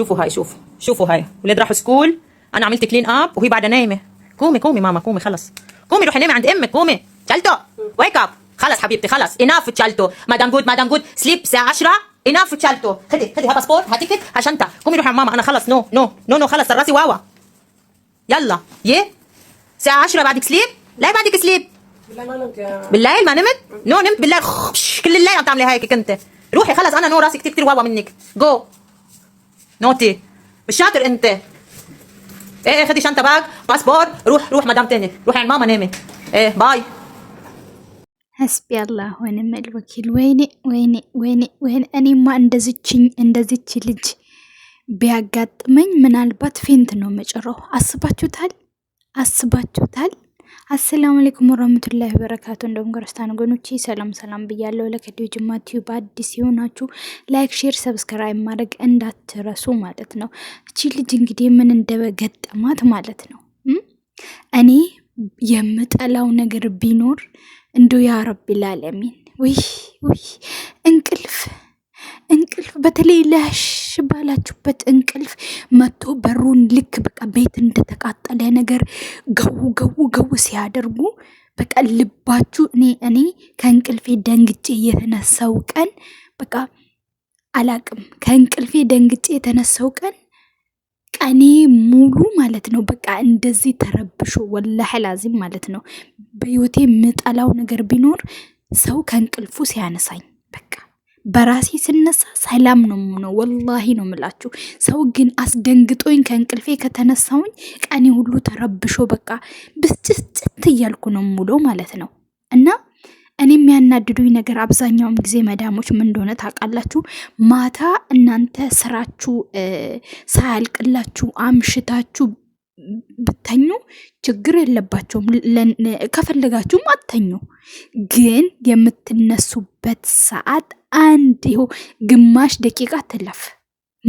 شوفوا هاي شوفوا شوفوا هاي ولاد راحوا سكول انا عملت كلين اب وهي بعدها نايمه قومي قومي ماما قومي خلص قومي روحي نامي عند امك قومي تشالتو ويك اب خلص حبيبتي خلص اناف تشالتو مادام جود مادام جود سليب الساعه 10 اناف تشالتو خدي خدي ها باسبور ها تيكت ها شنطه قومي روحي ماما انا خلص نو نو نو نو خلص راسي واوا يلا يي الساعه 10 بعدك سليب لا بعدك سليب بالليل ما نمت نو نمت بالليل كل الليل عم تعملي هيك كنت روحي خلص انا نو راسي كثير كثير واوا منك جو نوتي مش شاطر انت ايه ايه خدي شنطه باك باسبور روح روح مدام تاني روح عند ماما نامي ايه باي حسبي الله ونعم الوكيل ويني ويني ويني وين اني ما اندزتشي اندزتشي لج بيعقد من منال بات فين تنو مجرو اصباتو تال اصباتو تال አሰላሙ አለይኩም ወራህመቱላሂ ወበረካቱ። እንደውም ክርስቲያን ወገኖቼ ሰላም ሰላም ብያለሁ። ለከዲው ጅማ ቲዩብ በአዲስ የሆናችሁ ላይክ፣ ሼር፣ ሰብስክራይብ ማድረግ እንዳትረሱ ማለት ነው። እቺ ልጅ እንግዲህ ምን እንደገጠማት ማለት ነው። እኔ የምጠላው ነገር ቢኖር እንዶ ያ ረቢል ዓለሚን ውይ ውይ እንቅልፍ እንቅልፍ በተለይ ለሽ ባላችሁበት እንቅልፍ መቶ በሩን ልክ በቃ ቤት እንደተቃጠለ ነገር ገው ገው ገው ሲያደርጉ በቃ ልባችሁ እኔ እኔ ከእንቅልፌ ደንግጬ የተነሳው ቀን በቃ አላቅም። ከእንቅልፌ ደንግጬ የተነሳው ቀን ቀኔ ሙሉ ማለት ነው። በቃ እንደዚህ ተረብሾ ወላሂ ላዚም ማለት ነው። በህይወቴ የምጠላው ነገር ቢኖር ሰው ከእንቅልፉ ሲያነሳኝ በራሴ ስነሳ ሰላም ነው የምሆነው። ወላሂ ነው የምላችሁ። ሰው ግን አስደንግጦኝ ከእንቅልፌ ከተነሳውኝ ቀኔ ሁሉ ተረብሾ በቃ ብስጭስጭት እያልኩ ነው የምውለው ማለት ነው። እና እኔ የሚያናድዱኝ ነገር አብዛኛውም ጊዜ መዳሞች ምን እንደሆነ ታውቃላችሁ? ማታ እናንተ ስራችሁ ሳያልቅላችሁ አምሽታችሁ ብተኙ ችግር የለባቸውም። ከፈለጋችሁም አትተኙ። ግን የምትነሱበት ሰዓት አንድ ይሁ ግማሽ ደቂቃ ትለፍ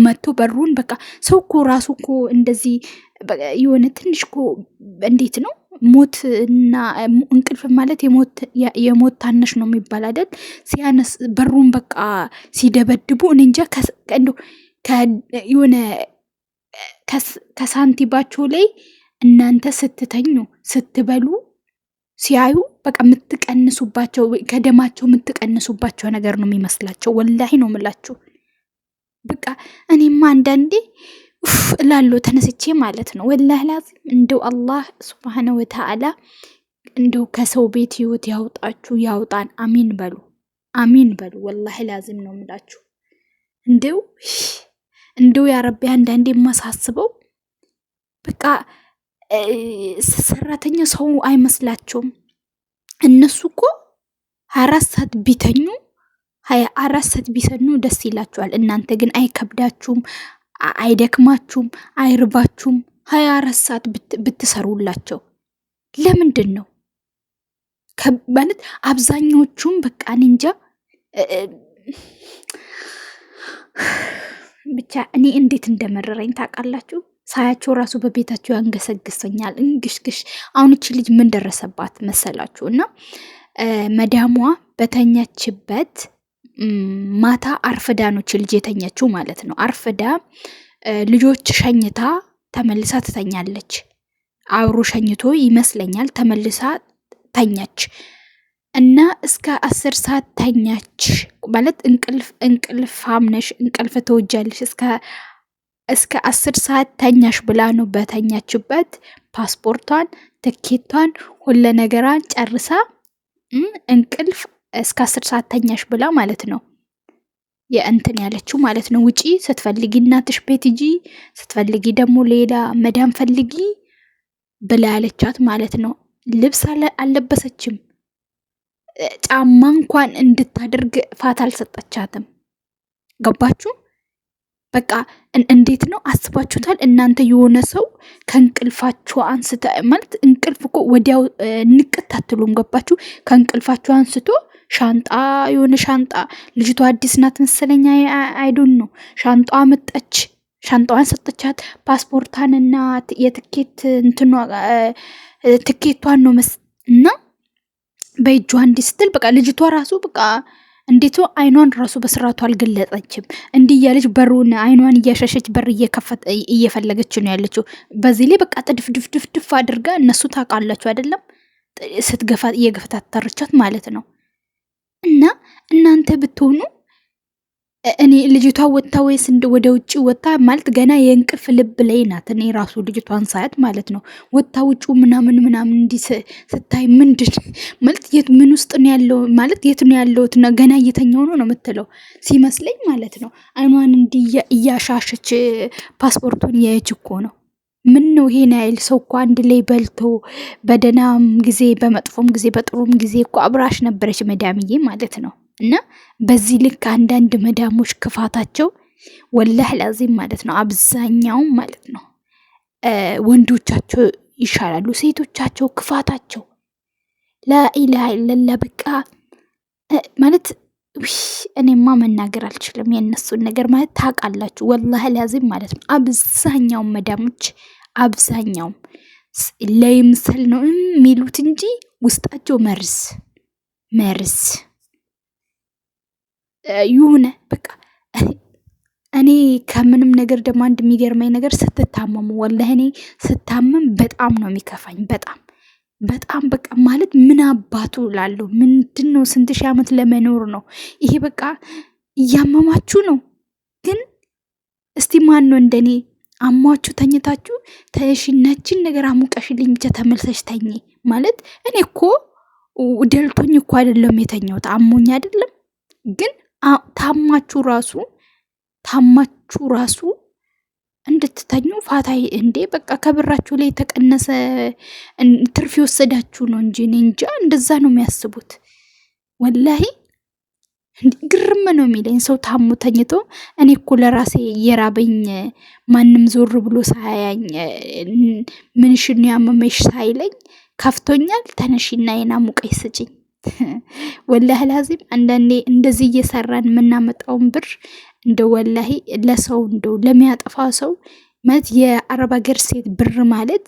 መቶ በሩን በቃ ሰው እኮ ራሱ እኮ እንደዚህ የሆነ ትንሽ እኮ እንዴት ነው ሞት እና እንቅልፍ ማለት የሞት ታነሽ ነው የሚባል አይደል? ሲያነስ በሩን በቃ ሲደበድቡ እኔ እንጃ የሆነ ከሳንቲባቸው ላይ እናንተ ስትተኙ ስትበሉ ሲያዩ በቃ የምትቀንሱባቸው ከደማቸው የምትቀንሱባቸው ነገር ነው የሚመስላቸው። ወላሂ ነው የምላችሁ። በቃ እኔማ አንዳንዴ ኡፍ እላለሁ ተነስቼ ማለት ነው። ወላሂ ላዚም እንደው አላህ ስብሓነ ወተዓላ እንደው ከሰው ቤት ህይወት ያውጣችሁ ያውጣን። አሚን በሉ አሚን በሉ። ወላሂ ላዚም ነው የምላችሁ እንደው እንደው ያረቢ አንዳንዴ የማሳስበው በቃ ሰራተኛ ሰው አይመስላቸውም። እነሱ እኮ ሀያ አራት ሰዓት ቢተኙ ሀያ አራት ሰዓት ቢሰኑ ደስ ይላቸዋል። እናንተ ግን አይከብዳችሁም፣ አይደክማችሁም፣ አይርባችሁም። ሀያ አራት ሰዓት ብትሰሩላቸው ለምንድን ነው ማለት አብዛኛዎቹም በቃ እንጃ ብቻ እኔ እንዴት እንደመረረኝ ታውቃላችሁ? ሳያቸው ራሱ በቤታቸው ያንገሰግሰኛል። እንግሽግሽ አሁን እቺ ልጅ ምን ደረሰባት መሰላችሁ? እና መዳሟ በተኛችበት ማታ አርፍዳ ነው እቺ ልጅ የተኛችው ማለት ነው። አርፍዳ ልጆች ሸኝታ ተመልሳ ትተኛለች። አብሮ ሸኝቶ ይመስለኛል ተመልሳ ተኛች። እና እስከ አስር ሰዓት ተኛች ማለት እንቅልፍ እንቅልፋም ነሽ እንቅልፍ ትወጃለሽ እስከ እስከ አስር ሰዓት ተኛሽ ብላ ነው በተኛችበት ፓስፖርቷን ትኬቷን ሁለ ነገሯን ጨርሳ እንቅልፍ እስከ አስር ሰዓት ተኛሽ ብላ ማለት ነው የእንትን ያለችው ማለት ነው። ውጪ ስትፈልጊ እናትሽ ቤት ሂጂ፣ ስትፈልጊ ደግሞ ሌላ መዳም ፈልጊ ብላ ያለቻት ማለት ነው። ልብስ አለበሰችም ጫማ እንኳን እንድታደርግ ፋታ አልሰጠቻትም። ገባችሁ? በቃ እንዴት ነው አስባችሁታል? እናንተ የሆነ ሰው ከእንቅልፋችሁ አንስተ ማለት እንቅልፍ እኮ ወዲያው ንቅት አትሉም። ገባችሁ? ከእንቅልፋችሁ አንስቶ ሻንጣ የሆነ ሻንጣ ልጅቷ አዲስ ናት መሰለኛ አይዶን ነው ሻንጣ መጠች ሻንጣዋን ሰጠቻት። ፓስፖርቷን እና የትኬት እንትኗ ትኬቷን ነው እና በእጇ እንዲህ ስትል በቃ ልጅቷ ራሱ በቃ እንዴት አይኗን ራሱ በስርዓቱ አልገለጠችም። እንዲህ እያለች በሩን አይኗን እያሸሸች በር እየፈለገች ነው ያለችው። በዚህ ላይ በቃ ጥድፍድፍድፍ አድርጋ እነሱ ታውቃላችሁ አይደለም ስትገፋ እየገፈታተረቻት ማለት ነው። እና እናንተ ብትሆኑ እኔ ልጅቷ ወጥታ ወይስ ወደ ውጭ ወጥታ ማለት ገና የእንቅልፍ ልብ ላይ ናት። እኔ ራሱ ልጅቷን ሳያት ማለት ነው ወጥታ ውጩ ምናምን ምናምን እንዲህ ስታይ ምንድን ማለት የት ምን ውስጥ ነው ያለው ማለት የት ነው ያለውት ገና እየተኛው ነው ነው የምትለው ሲመስለኝ ማለት ነው። አይኗን እንዲህ እያሻሸች ፓስፖርቱን እያየች እኮ ነው። ምን ነው ይሄን ያህል ሰው እኮ አንድ ላይ በልቶ በደህናም ጊዜ በመጥፎም ጊዜ በጥሩም ጊዜ እኮ አብራሽ ነበረች መዳምዬ ማለት ነው። እና በዚህ ልክ አንዳንድ መዳሞች ክፋታቸው ወላህ ላዚም ማለት ነው አብዛኛውም ማለት ነው ወንዶቻቸው ይሻላሉ። ሴቶቻቸው ክፋታቸው ላኢላ ለላ በቃ ማለት እኔማ መናገር አልችልም። የእነሱን ነገር ማለት ታውቃላችሁ። ወላህ ላዚም ማለት ነው አብዛኛውም መዳሞች አብዛኛውም ለይምሰል ነው የሚሉት እንጂ ውስጣቸው መርዝ መርዝ ይሁነ በቃ እኔ ከምንም ነገር ደግሞ አንድ የሚገርመኝ ነገር ስትታመሙ፣ ወላሂ እኔ ስታመም በጣም ነው የሚከፋኝ። በጣም በጣም በቃ ማለት ምን አባቱ ላለሁ ምንድን ነው ስንት ሺህ ዓመት ለመኖር ነው ይሄ? በቃ እያመማችሁ ነው። ግን እስቲ ማን ነው እንደኔ አሟችሁ ተኝታችሁ ነችን ነገር አሙቀሽልኝ ብቻ ተመልሰሽ ተኝ ማለት እኔ እኮ ደልቶኝ እኮ አይደለም የተኛሁት አሞኝ አይደለም ግን ታማችሁ ራሱ ታማችሁ ራሱ እንድትተኙ ፋታይ እንዴ በቃ ከብራችሁ ላይ የተቀነሰ ትርፍ የወሰዳችሁ ነው እንጂ እኔ እንጃ። እንደዛ ነው የሚያስቡት። ወላሂ ግርም ነው የሚለኝ ሰው ታሙ ተኝቶ እኔ እኮ ለራሴ የራበኝ ማንም ዞር ብሎ ሳያኝ ምንሽን ያመመሽ ሳይለኝ ከፍቶኛል፣ ተነሽና የና ሙቀይ ስጭኝ ወላህ ላዚም አንዳንዴ እንደዚህ እየሰራን የምናመጣውን ብር እንደ ወላሂ ለሰው እንደው ለሚያጠፋ ሰው ማለት የአረብ ሀገር ሴት ብር ማለት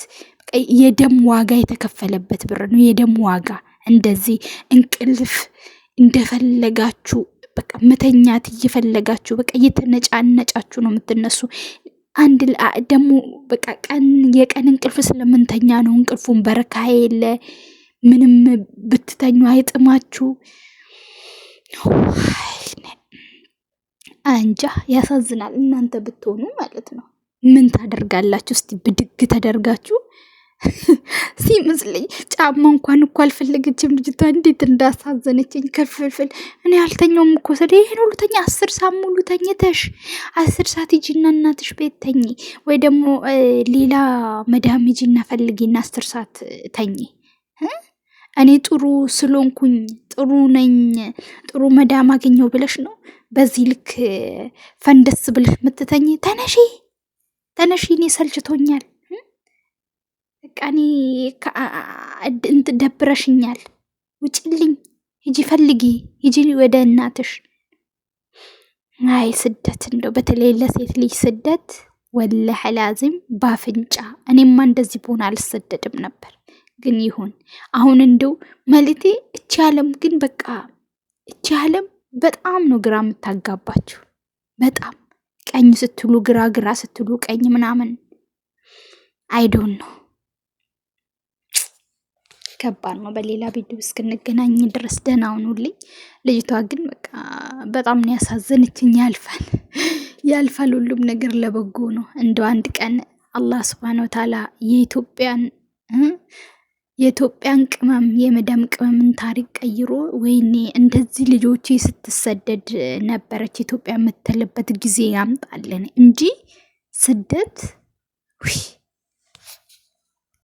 የደም ዋጋ የተከፈለበት ብር ነው። የደም ዋጋ እንደዚህ እንቅልፍ እንደፈለጋችሁ በቃ መተኛት እየፈለጋችሁ በቃ እየተነጫነጫችሁ ነው የምትነሱ። አንድ ደግሞ በቃ ቀን የቀን እንቅልፍ ስለምንተኛ ነው እንቅልፉን በረካ የለ ምንም ብትተኙ አይጥማችሁ። አንጃ ያሳዝናል። እናንተ ብትሆኑ ማለት ነው ምን ታደርጋላችሁ? እስቲ ብድግ ተደርጋችሁ ሲመስለኝ ጫማ እንኳን እኮ አልፈለገችም ልጅቷ። እንዴት እንዳሳዘነችኝ ከፍልፍል። እኔ ያልተኛውም እኮ ሰደ ይህን ሁሉ ተኛ፣ አስር ሰዓት ሙሉ ተኝተሽ አስር ሰዓት ሂጂና እናትሽ ቤት ተኝ፣ ወይ ደግሞ ሌላ መድሃም ሂጂና ፈልጊና አስር ሰዓት ተኝ። እኔ ጥሩ ስለሆንኩኝ ጥሩ ነኝ ጥሩ መዳም አገኘው ብለሽ ነው በዚህ ልክ ፈንደስ ብለሽ የምትተኝ? ተነሺ ተነሺ፣ እኔ ሰልችቶኛል፣ በቃ እኔ ደብረሽኛል፣ ውጭልኝ፣ ሂጂ ፈልጊ፣ ሂጂ ወደ እናትሽ። አይ ስደት እንደው በተለይ ለሴት ልጅ ስደት ወለ ሐላዚም ባፍንጫ። እኔማ እንደዚህ በሆነ አልሰደድም ነበር። ግን ይሁን አሁን እንደው መልቴ እቺ ዓለም ግን በቃ እቺ ዓለም በጣም ነው ግራ የምታጋባችሁ። በጣም ቀኝ ስትሉ ግራ፣ ግራ ስትሉ ቀኝ ምናምን አይዶን ነው ከባድ ነው። በሌላ ቪዲዮ እስክንገናኝ ድረስ ደህና ሁኑልኝ። ልጅቷ ግን በቃ በጣም ነው ያሳዘነችኝ። ያልፋል ያልፋል፣ ሁሉም ነገር ለበጎ ነው። እንደው አንድ ቀን አላህ ስብሃነ ወተዓላ የኢትዮጵያን የኢትዮጵያን ቅመም የመዳም ቅመምን ታሪክ ቀይሮ ወይኔ እንደዚህ ልጆቼ ስትሰደድ ነበረች ኢትዮጵያ የምትልበት ጊዜ ያምጣልን እንጂ ስደት